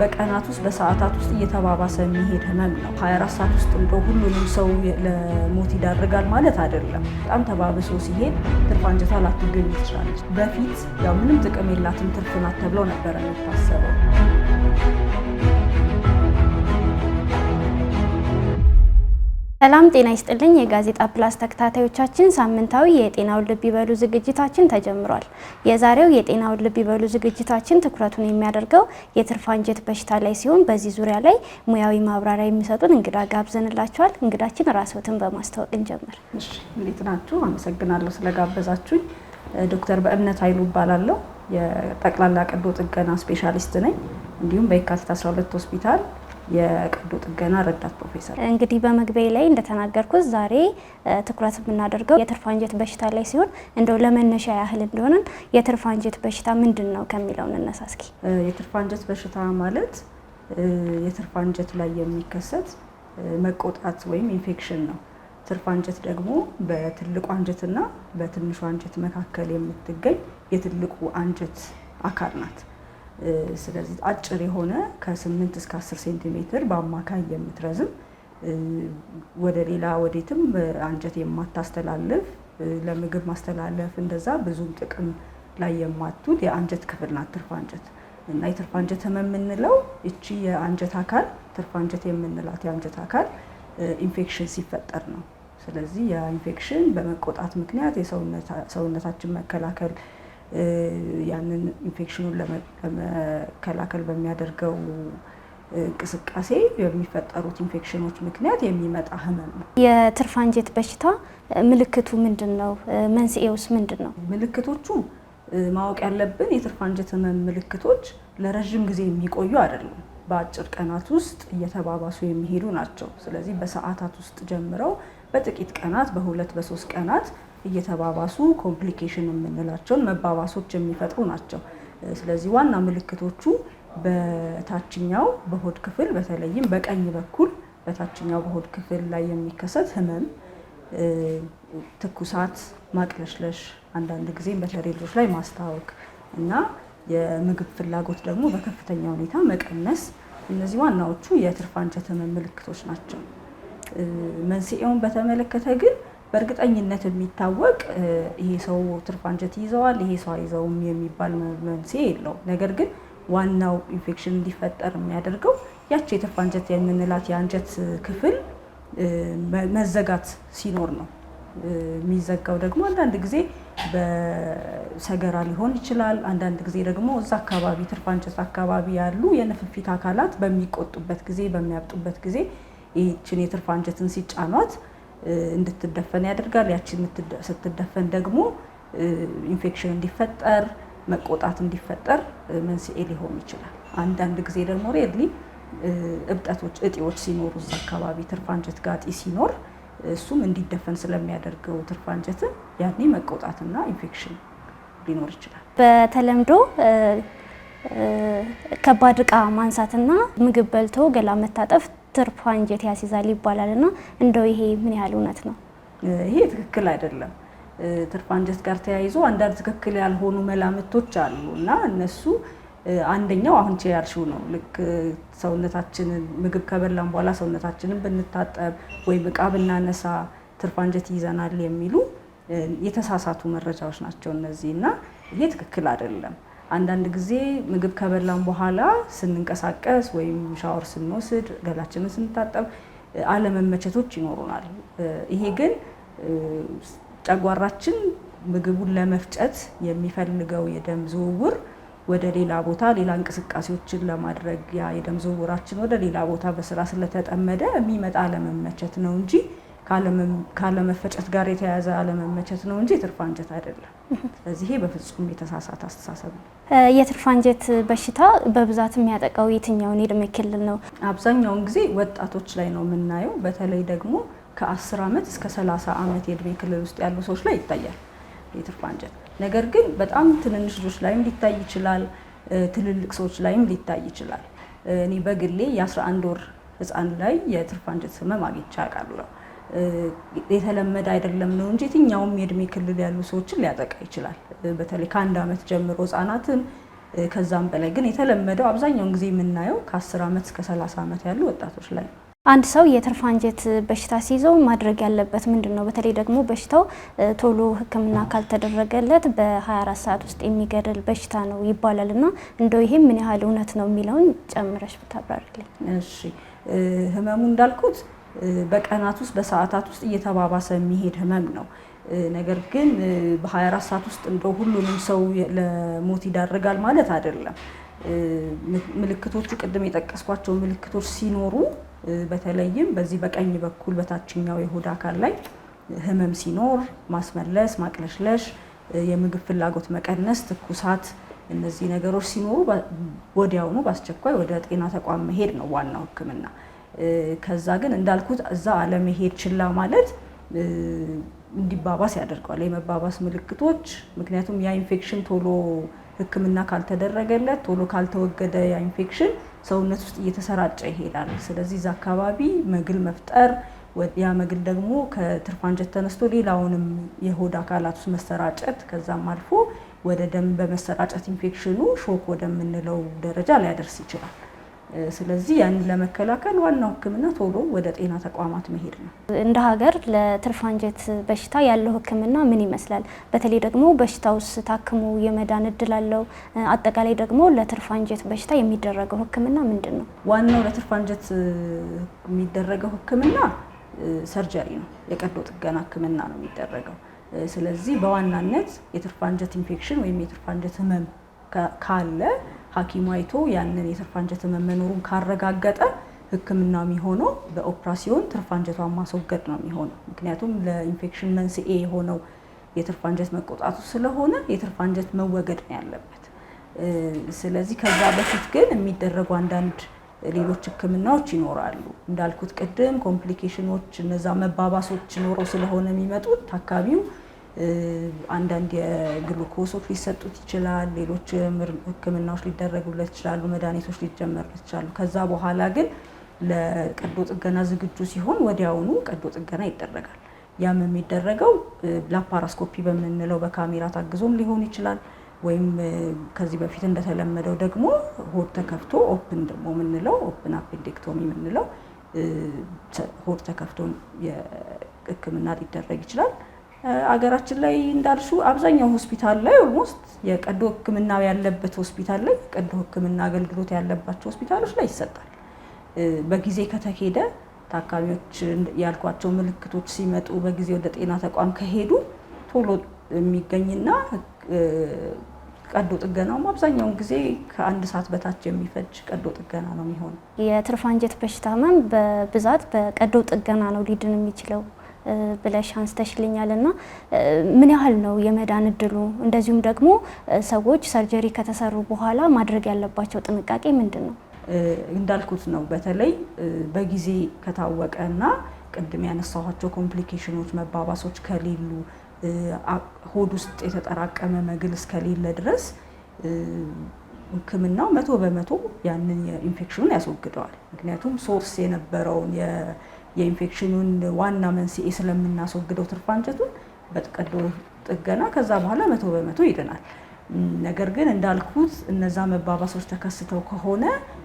በቀናት ውስጥ በሰዓታት ውስጥ እየተባባሰ የሚሄድ ህመም ነው። 24 ሰዓት ውስጥ እንደ ሁሉንም ሰው ለሞት ይዳርጋል ማለት አይደለም። በጣም ተባብሶ ሲሄድ ትርፍ አንጀቷ ላትገኝ ትችላለች። በፊት ያው ምንም ጥቅም የላትም ትርፍ ናት ተብለው ነበረ የሚታሰበው። ሰላም ጤና ይስጥልኝ የጋዜጣ ፕላስ ተከታታዮቻችን፣ ሳምንታዊ የጤናውን ልብ ይበሉ ዝግጅታችን ተጀምሯል። የዛሬው የጤናውን ልብ ይበሉ ዝግጅታችን ትኩረቱን የሚያደርገው የትርፍ አንጀት በሽታ ላይ ሲሆን በዚህ ዙሪያ ላይ ሙያዊ ማብራሪያ የሚሰጡን እንግዳ ጋብዘንላቸዋል። እንግዳችን ራስዎትን በማስተዋወቅ እንጀምር። እንዴት ናችሁ? አመሰግናለሁ ስለጋበዛችሁኝ። ዶክተር በእምነት ኃይሉ እባላለሁ። የጠቅላላ ቀዶ ጥገና ስፔሻሊስት ነኝ። እንዲሁም በየካቲት 12 ሆስፒታል የቀዶ ጥገና ረዳት ፕሮፌሰር። እንግዲህ በመግቢያ ላይ እንደተናገርኩት ዛሬ ትኩረት የምናደርገው የትርፍ አንጀት በሽታ ላይ ሲሆን እንደው ለመነሻ ያህል እንደሆነን የትርፍ አንጀት በሽታ ምንድን ነው ከሚለው እንነሳ እስኪ። የትርፍ አንጀት በሽታ ማለት የትርፍ አንጀት ላይ የሚከሰት መቆጣት ወይም ኢንፌክሽን ነው። ትርፍ አንጀት ደግሞ በትልቁ አንጀትና በትንሹ አንጀት መካከል የምትገኝ የትልቁ አንጀት አካል ናት። ስለዚህ አጭር የሆነ ከ8 እስከ 10 ሴንቲሜትር በአማካይ የምትረዝም ወደ ሌላ ወዴትም አንጀት የማታስተላልፍ ለምግብ ማስተላለፍ እንደዛ ብዙም ጥቅም ላይ የማትውል የአንጀት ክፍል ናት ትርፍ አንጀት። እና የትርፍ አንጀት የምንለው እቺ የአንጀት አካል ትርፍ አንጀት የምንላት የአንጀት አካል ኢንፌክሽን ሲፈጠር ነው። ስለዚህ የኢንፌክሽን በመቆጣት ምክንያት የሰውነታችን መከላከል ያንን ኢንፌክሽኑን ለመከላከል በሚያደርገው እንቅስቃሴ የሚፈጠሩት ኢንፌክሽኖች ምክንያት የሚመጣ ህመም ነው። የትርፍ አንጀት በሽታ ምልክቱ ምንድን ነው? መንስኤውስ ምንድን ነው? ምልክቶቹ ማወቅ ያለብን የትርፍ አንጀት ህመም ምልክቶች ለረዥም ጊዜ የሚቆዩ አይደሉም። በአጭር ቀናት ውስጥ እየተባባሱ የሚሄዱ ናቸው። ስለዚህ በሰዓታት ውስጥ ጀምረው በጥቂት ቀናት፣ በሁለት በሶስት ቀናት እየተባባሱ ኮምፕሊኬሽን የምንላቸውን መባባሶች የሚፈጥሩ ናቸው። ስለዚህ ዋና ምልክቶቹ በታችኛው በሆድ ክፍል በተለይም በቀኝ በኩል በታችኛው በሆድ ክፍል ላይ የሚከሰት ህመም፣ ትኩሳት፣ ማቅለሽለሽ፣ አንዳንድ ጊዜም በተለይ ልጆች ላይ ማስታወክ እና የምግብ ፍላጎት ደግሞ በከፍተኛ ሁኔታ መቀነስ፣ እነዚህ ዋናዎቹ የትርፍ አንጀት ህመም ምልክቶች ናቸው። መንስኤውን በተመለከተ ግን በእርግጠኝነት የሚታወቅ ይሄ ሰው ትርፋንጀት ይዘዋል፣ ይሄ ሰው አይዘውም የሚባል መንስኤ የለውም። ነገር ግን ዋናው ኢንፌክሽን እንዲፈጠር የሚያደርገው ያቺ የትርፋንጀት የምንላት የአንጀት ክፍል መዘጋት ሲኖር ነው። የሚዘጋው ደግሞ አንዳንድ ጊዜ በሰገራ ሊሆን ይችላል። አንዳንድ ጊዜ ደግሞ እዛ አካባቢ ትርፋንጀት አካባቢ ያሉ የንፍፊት አካላት በሚቆጡበት ጊዜ፣ በሚያብጡበት ጊዜ ይችን የትርፋንጀትን ሲጫኗት እንድትደፈን ያደርጋል። ያቺ ስትደፈን ደግሞ ኢንፌክሽን እንዲፈጠር መቆጣት እንዲፈጠር መንስኤ ሊሆን ይችላል። አንዳንድ ጊዜ ደግሞ ሬድሊ እብጠቶች፣ እጢዎች ሲኖሩ እዛ አካባቢ ትርፋንጀት ጋር ሲኖር እሱም እንዲደፈን ስለሚያደርገው ትርፋንጀትን ያኔ መቆጣትና ኢንፌክሽን ሊኖር ይችላል። በተለምዶ ከባድ እቃ ማንሳትና ምግብ በልቶ ገላ መታጠፍ ትርፍ አንጀት ያስይዛል ይባላል እና እንደው ይሄ ምን ያህል እውነት ነው? ይሄ ትክክል አይደለም። ትርፍ አንጀት ጋር ተያይዞ አንዳንድ ትክክል ያልሆኑ መላምቶች አሉ እና እነሱ አንደኛው አሁን ያልሽው ነው። ልክ ሰውነታችንን ምግብ ከበላን በኋላ ሰውነታችንን ብንታጠብ ወይም እቃ ብናነሳ ትርፍ አንጀት ይይዘናል የሚሉ የተሳሳቱ መረጃዎች ናቸው እነዚህ እና ይሄ ትክክል አይደለም። አንዳንድ ጊዜ ምግብ ከበላን በኋላ ስንንቀሳቀስ ወይም ሻወር ስንወስድ ገላችንን ስንታጠብ አለመመቸቶች ይኖሩናል። ይሄ ግን ጨጓራችን ምግቡን ለመፍጨት የሚፈልገው የደም ዝውውር ወደ ሌላ ቦታ ሌላ እንቅስቃሴዎችን ለማድረግ ያ የደም ዝውውራችን ወደ ሌላ ቦታ በስራ ስለተጠመደ የሚመጣ አለመመቸት ነው እንጂ ካለመፈጨት ጋር የተያያዘ አለመመቸት ነው እንጂ የትርፍ አንጀት አይደለም። ስለዚህ ይሄ በፍጹም የተሳሳተ አስተሳሰብ ነው። የትርፍ አንጀት በሽታ በብዛት የሚያጠቃው የትኛውን የእድሜ ክልል ነው? አብዛኛውን ጊዜ ወጣቶች ላይ ነው የምናየው። በተለይ ደግሞ ከ10 ዓመት እስከ 30 ዓመት የእድሜ ክልል ውስጥ ያሉ ሰዎች ላይ ይታያል የትርፍ አንጀት። ነገር ግን በጣም ትንንሽ ልጆች ላይም ሊታይ ይችላል፣ ትልልቅ ሰዎች ላይም ሊታይ ይችላል። እኔ በግሌ የ11 ወር ህፃን ላይ የትርፍ አንጀት ህመም አግኝቼ አውቃለሁ። የተለመደ አይደለም ነው እንጂ የትኛውም የእድሜ ክልል ያሉ ሰዎችን ሊያጠቃ ይችላል። በተለይ ከአንድ ዓመት ጀምሮ ህጻናትን ከዛም በላይ ግን የተለመደው አብዛኛውን ጊዜ የምናየው ከ10 ዓመት እስከ 30 ዓመት ያሉ ወጣቶች ላይ ነው። አንድ ሰው የትርፍ አንጀት በሽታ ሲይዘው ማድረግ ያለበት ምንድን ነው? በተለይ ደግሞ በሽታው ቶሎ ሕክምና ካልተደረገለት በ24 ሰዓት ውስጥ የሚገድል በሽታ ነው ይባላል እና እንደው ይሄ ምን ያህል እውነት ነው የሚለውን ጨምረሽ ብታብራሪልኝ። እሺ ህመሙ እንዳልኩት በቀናት ውስጥ በሰዓታት ውስጥ እየተባባሰ የሚሄድ ህመም ነው። ነገር ግን በ24 ሰዓት ውስጥ እንደ ሁሉንም ሰው ለሞት ይዳርጋል ማለት አይደለም። ምልክቶቹ ቅድም የጠቀስኳቸው ምልክቶች ሲኖሩ በተለይም በዚህ በቀኝ በኩል በታችኛው የሆድ አካል ላይ ህመም ሲኖር ማስመለስ፣ ማቅለሽለሽ፣ የምግብ ፍላጎት መቀነስ፣ ትኩሳት እነዚህ ነገሮች ሲኖሩ ወዲያውኑ በአስቸኳይ ወደ ጤና ተቋም መሄድ ነው ዋናው ህክምና። ከዛ ግን እንዳልኩት እዛ አለመሄድ ችላ ማለት እንዲባባስ ያደርገዋል። የመባባስ ምልክቶች ምክንያቱም ያ ኢንፌክሽን ቶሎ ሕክምና ካልተደረገለት ቶሎ ካልተወገደ ያ ኢንፌክሽን ሰውነት ውስጥ እየተሰራጨ ይሄዳል። ስለዚህ እዛ አካባቢ መግል መፍጠር፣ ያ መግል ደግሞ ከትርፋንጀት ተነስቶ ሌላውንም የሆድ አካላት ውስጥ መሰራጨት ከዛም አልፎ ወደ ደም በመሰራጨት ኢንፌክሽኑ ሾክ ወደምንለው ደረጃ ሊያደርስ ይችላል። ስለዚህ ያንን ለመከላከል ዋናው ህክምና ቶሎ ወደ ጤና ተቋማት መሄድ ነው። እንደ ሀገር ለትርፍ አንጀት በሽታ ያለው ህክምና ምን ይመስላል? በተለይ ደግሞ በሽታውስ ታክሞ የመዳን እድል አለው? አጠቃላይ ደግሞ ለትርፍ አንጀት በሽታ የሚደረገው ህክምና ምንድን ነው? ዋናው ለትርፍ አንጀት የሚደረገው ህክምና ሰርጀሪ ነው፣ የቀዶ ጥገና ህክምና ነው የሚደረገው። ስለዚህ በዋናነት የትርፍ አንጀት ኢንፌክሽን ወይም የትርፍ አንጀት ህመም ካለ ሐኪሙ አይቶ ያንን የትርፍ አንጀት መኖሩን ካረጋገጠ ህክምና የሚሆነው በኦፕራሲዮን ትርፍ አንጀቷን ማስወገድ ነው የሚሆነው። ምክንያቱም ለኢንፌክሽን መንስኤ የሆነው የትርፍ አንጀት መቆጣቱ ስለሆነ የትርፍ አንጀት መወገድ ነው ያለበት። ስለዚህ ከዛ በፊት ግን የሚደረጉ አንዳንድ ሌሎች ህክምናዎች ይኖራሉ። እንዳልኩት ቅድም ኮምፕሊኬሽኖች፣ እነዛ መባባሶች ኖረው ስለሆነ የሚመጡት ታካቢው አንዳንድ የግሉኮሶች ሊሰጡት ይችላል። ሌሎች ሕክምናዎች ሊደረጉለት ይችላሉ። መድኃኒቶች ሊጀመሩለት ይችላሉ። ከዛ በኋላ ግን ለቀዶ ጥገና ዝግጁ ሲሆን ወዲያውኑ ቀዶ ጥገና ይደረጋል። ያም የሚደረገው ላፓራስኮፒ በምንለው በካሜራ ታግዞም ሊሆን ይችላል ወይም ከዚህ በፊት እንደተለመደው ደግሞ ሆድ ተከፍቶ ኦፕን ደግሞ የምንለው ኦፕን አፔንዴክቶሚ የምንለው ሆድ ተከፍቶ ሕክምና ሊደረግ ይችላል። አገራችን ላይ እንዳልሹ አብዛኛው ሆስፒታል ላይ ኦልሞስት የቀዶ ሕክምና ያለበት ሆስፒታል ላይ ቀዶ ሕክምና አገልግሎት ያለባቸው ሆስፒታሎች ላይ ይሰጣል። በጊዜ ከተሄደ ታካሚዎች ያልኳቸው ምልክቶች ሲመጡ በጊዜ ወደ ጤና ተቋም ከሄዱ ቶሎ የሚገኝና ቀዶ ጥገናውም አብዛኛውን ጊዜ ከአንድ ሰዓት በታች የሚፈጅ ቀዶ ጥገና ነው የሚሆነው። የትርፋንጀት በሽታ ህመም በብዛት በቀዶ ጥገና ነው ሊድን የሚችለው ብለሽ አንስተሽልኛል እና ምን ያህል ነው የመዳን እድሉ? እንደዚሁም ደግሞ ሰዎች ሰርጀሪ ከተሰሩ በኋላ ማድረግ ያለባቸው ጥንቃቄ ምንድን ነው? እንዳልኩት ነው። በተለይ በጊዜ ከታወቀ እና ቅድም ያነሳኋቸው ኮምፕሊኬሽኖች መባባሶች ከሌሉ ሆድ ውስጥ የተጠራቀመ መግል እስከሌለ ድረስ ሕክምናው መቶ በመቶ ያንን ኢንፌክሽኑን ያስወግደዋል። ምክንያቱም ሶርስ የነበረውን የኢንፌክሽኑን ዋና መንስኤ ስለምናስወግደው ትርፍ አንጀቱን በቀዶ ጥገና ከዛ በኋላ መቶ በመቶ ይድናል። ነገር ግን እንዳልኩት እነዛ መባባሶች ተከስተው ከሆነ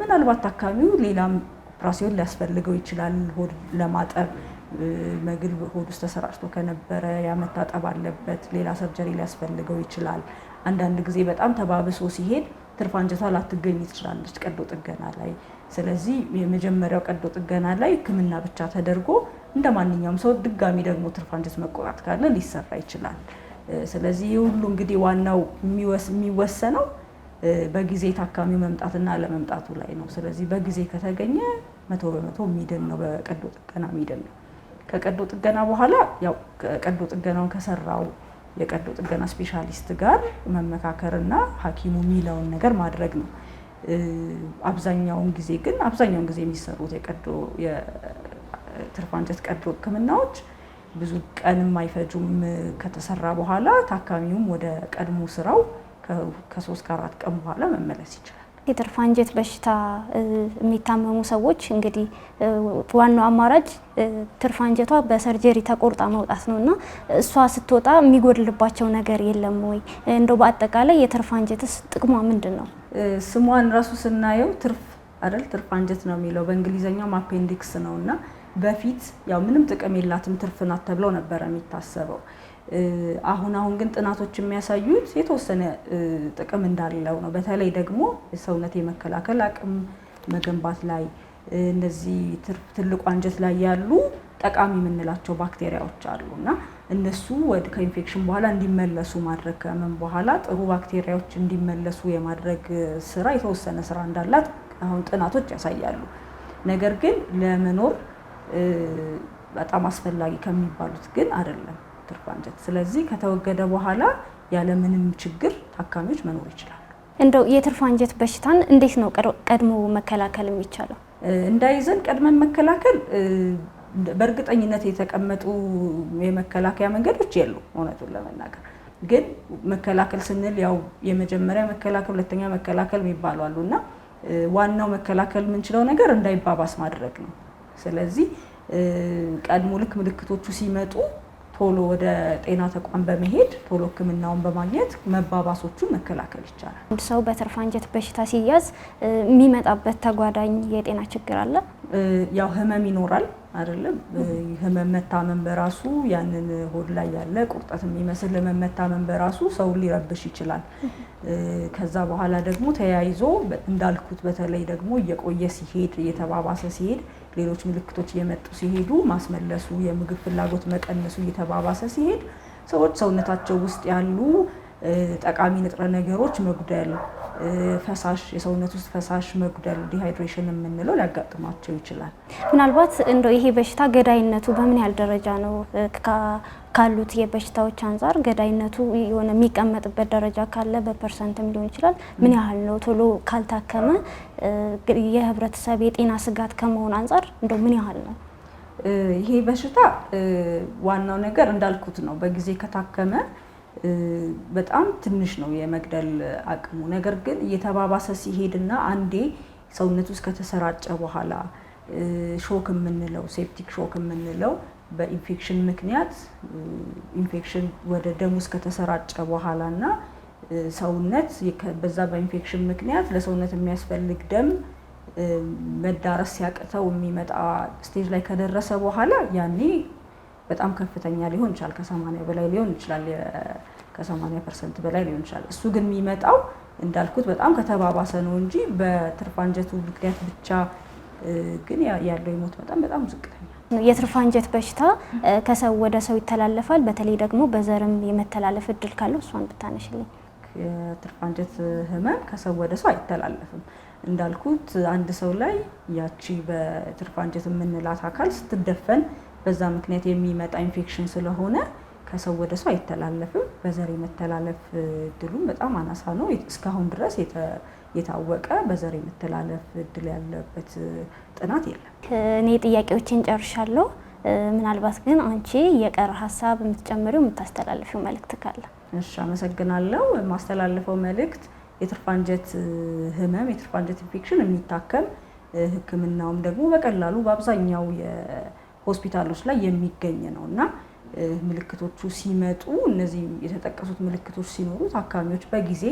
ምናልባት ታካሚው ሌላም ኦፕራሲዮን ሊያስፈልገው ይችላል። ሆድ ለማጠብ መግል ሆድ ውስጥ ተሰራጭቶ ከነበረ ያ መታጠብ አለበት። ሌላ ሰርጀሪ ሊያስፈልገው ይችላል። አንዳንድ ጊዜ በጣም ተባብሶ ሲሄድ ትርፍ አንጀቷ ላትገኝ ትችላለች ቀዶ ጥገና ላይ። ስለዚህ የመጀመሪያው ቀዶ ጥገና ላይ ሕክምና ብቻ ተደርጎ እንደ ማንኛውም ሰው ድጋሚ ደግሞ ትርፍ አንጀት መቆጣት ካለ ሊሰራ ይችላል። ስለዚህ ይህ ሁሉ እንግዲህ ዋናው የሚወሰነው በጊዜ ታካሚው መምጣትና ለመምጣቱ ላይ ነው። ስለዚህ በጊዜ ከተገኘ መቶ በመቶ የሚድን ነው፣ በቀዶ ጥገና የሚድን ነው። ከቀዶ ጥገና በኋላ ያው ቀዶ ጥገናውን ከሰራው የቀዶ ጥገና ስፔሻሊስት ጋር መመካከርና ሐኪሙ የሚለውን ነገር ማድረግ ነው። አብዛኛውን ጊዜ ግን አብዛኛውን ጊዜ የሚሰሩት የቀዶ የትርፍ አንጀት ቀዶ ህክምናዎች ብዙ ቀንም አይፈጁም። ከተሰራ በኋላ ታካሚውም ወደ ቀድሞ ስራው ከሶስት ከአራት ቀን በኋላ መመለስ ይችላል። የትርፍ አንጀት በሽታ የሚታመሙ ሰዎች እንግዲህ ዋናው አማራጭ ትርፍ አንጀቷ በሰርጀሪ ተቆርጣ መውጣት ነው እና እሷ ስትወጣ የሚጎድልባቸው ነገር የለም ወይ? እንደው በአጠቃላይ የትርፍ አንጀትስ ጥቅሟ ምንድን ነው? ስሟን ራሱ ስናየው ትርፍ አይደል? ትርፍ አንጀት ነው የሚለው በእንግሊዝኛው አፔንዲክስ ነው እና በፊት ያው ምንም ጥቅም የላትም ትርፍ ናት ተብለው ነበረ የሚታሰበው አሁን አሁን ግን ጥናቶች የሚያሳዩት የተወሰነ ጥቅም እንዳለው ነው። በተለይ ደግሞ ሰውነት የመከላከል አቅም መገንባት ላይ እነዚህ ትልቁ አንጀት ላይ ያሉ ጠቃሚ የምንላቸው ባክቴሪያዎች አሉ እና እነሱ ወደ ከኢንፌክሽን በኋላ እንዲመለሱ ማድረግ ከምን በኋላ ጥሩ ባክቴሪያዎች እንዲመለሱ የማድረግ ስራ የተወሰነ ስራ እንዳላት አሁን ጥናቶች ያሳያሉ። ነገር ግን ለመኖር በጣም አስፈላጊ ከሚባሉት ግን አይደለም። ትርፍ አንጀት። ስለዚህ ከተወገደ በኋላ ያለምንም ችግር ታካሚዎች መኖር ይችላሉ። እንደው የትርፍ አንጀት በሽታን እንዴት ነው ቀድሞ መከላከል የሚቻለው? እንዳይዘን ቀድመን መከላከል በእርግጠኝነት የተቀመጡ የመከላከያ መንገዶች የሉ። እውነቱን ለመናገር ግን መከላከል ስንል ያው የመጀመሪያ መከላከል፣ ሁለተኛ መከላከል የሚባሉ አሉ እና ዋናው መከላከል የምንችለው ነገር እንዳይባባስ ማድረግ ነው። ስለዚህ ቀድሞ ልክ ምልክቶቹ ሲመጡ ቶሎ ወደ ጤና ተቋም በመሄድ ቶሎ ሕክምናውን በማግኘት መባባሶቹን መከላከል ይቻላል። አንድ ሰው በተርፍ አንጀት በሽታ ሲያዝ የሚመጣበት ተጓዳኝ የጤና ችግር አለ። ያው ህመም ይኖራል አይደለም። ህመም መታመም በራሱ ያንን ሆድ ላይ ያለ ቁርጠት የሚመስል ህመም መታመም በራሱ ሰው ሊረብሽ ይችላል። ከዛ በኋላ ደግሞ ተያይዞ እንዳልኩት በተለይ ደግሞ እየቆየ ሲሄድ እየተባባሰ ሲሄድ ሌሎች ምልክቶች እየመጡ ሲሄዱ ማስመለሱ፣ የምግብ ፍላጎት መቀነሱ እየተባባሰ ሲሄድ ሰዎች ሰውነታቸው ውስጥ ያሉ ጠቃሚ ንጥረ ነገሮች መጉደል ፈሳሽ የሰውነት ውስጥ ፈሳሽ መጉደል ዲሃይድሬሽን የምንለው ሊያጋጥማቸው ይችላል። ምናልባት እንደው ይሄ በሽታ ገዳይነቱ በምን ያህል ደረጃ ነው? ካሉት የበሽታዎች አንጻር ገዳይነቱ የሆነ የሚቀመጥበት ደረጃ ካለ በፐርሰንትም ሊሆን ይችላል። ምን ያህል ነው? ቶሎ ካልታከመ የህብረተሰብ የጤና ስጋት ከመሆን አንጻር እንደው ምን ያህል ነው? ይሄ በሽታ ዋናው ነገር እንዳልኩት ነው። በጊዜ ከታከመ በጣም ትንሽ ነው የመግደል አቅሙ። ነገር ግን እየተባባሰ ሲሄድና አንዴ ሰውነት ውስጥ ከተሰራጨ በኋላ ሾክ የምንለው ሴፕቲክ ሾክ የምንለው በኢንፌክሽን ምክንያት ኢንፌክሽን ወደ ደም ውስጥ ከተሰራጨ በኋላ እና ሰውነት በዛ በኢንፌክሽን ምክንያት ለሰውነት የሚያስፈልግ ደም መዳረስ ሲያቅተው የሚመጣ ስቴጅ ላይ ከደረሰ በኋላ ያኔ በጣም ከፍተኛ ሊሆን ይችላል። ከሰማንያ በላይ ሊሆን ይችላል። ከሰማንያ ፐርሰንት በላይ ሊሆን ይችላል። እሱ ግን የሚመጣው እንዳልኩት በጣም ከተባባሰ ነው እንጂ በትርፍ አንጀቱ ምክንያት ብቻ ግን ያለው የሞት መጠን በጣም ዝቅተኛ። የትርፍ አንጀት በሽታ ከሰው ወደ ሰው ይተላለፋል። በተለይ ደግሞ በዘርም የመተላለፍ እድል ካለው እሷን ብታነሽልኝ። የትርፍ አንጀት ህመም ከሰው ወደ ሰው አይተላለፍም። እንዳልኩት አንድ ሰው ላይ ያቺ በትርፍ አንጀት የምንላት አካል ስትደፈን በዛ ምክንያት የሚመጣ ኢንፌክሽን ስለሆነ ከሰው ወደ ሰው አይተላለፍም። በዘር የመተላለፍ እድሉም በጣም አናሳ ነው። እስካሁን ድረስ የታወቀ በዘር የመተላለፍ እድል ያለበት ጥናት የለም። እኔ ጥያቄዎችን ጨርሻለሁ። ምናልባት ግን አንቺ የቀረ ሀሳብ የምትጨምሪው የምታስተላልፊው መልእክት ካለ? እሺ፣ አመሰግናለሁ። የማስተላልፈው መልእክት የትርፍ አንጀት ህመም፣ የትርፍ አንጀት ኢንፌክሽን የሚታከም ህክምናውም ደግሞ በቀላሉ በአብዛኛው ሆስፒታሎች ላይ የሚገኝ ነው እና ምልክቶቹ ሲመጡ እነዚህ የተጠቀሱት ምልክቶች ሲኖሩ ታካሚዎች በጊዜ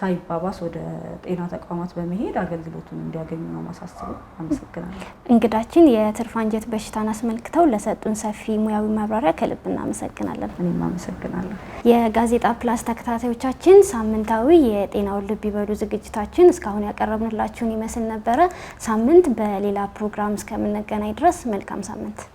ሳይባባስ ወደ ጤና ተቋማት በመሄድ አገልግሎቱን እንዲያገኙ ነው ማሳስቡ። አመሰግናለሁ። እንግዳችን የትርፍ አንጀት በሽታን አስመልክተው ለሰጡን ሰፊ ሙያዊ ማብራሪያ ከልብ እናመሰግናለን። እኔም አመሰግናለሁ። የጋዜጣ ፕላስ ተከታታዮቻችን ሳምንታዊ የጤናውን ልብ ይበሉ ዝግጅታችን እስካሁን ያቀረብንላችሁን ይመስል ነበረ። ሳምንት በሌላ ፕሮግራም እስከምንገናኝ ድረስ መልካም ሳምንት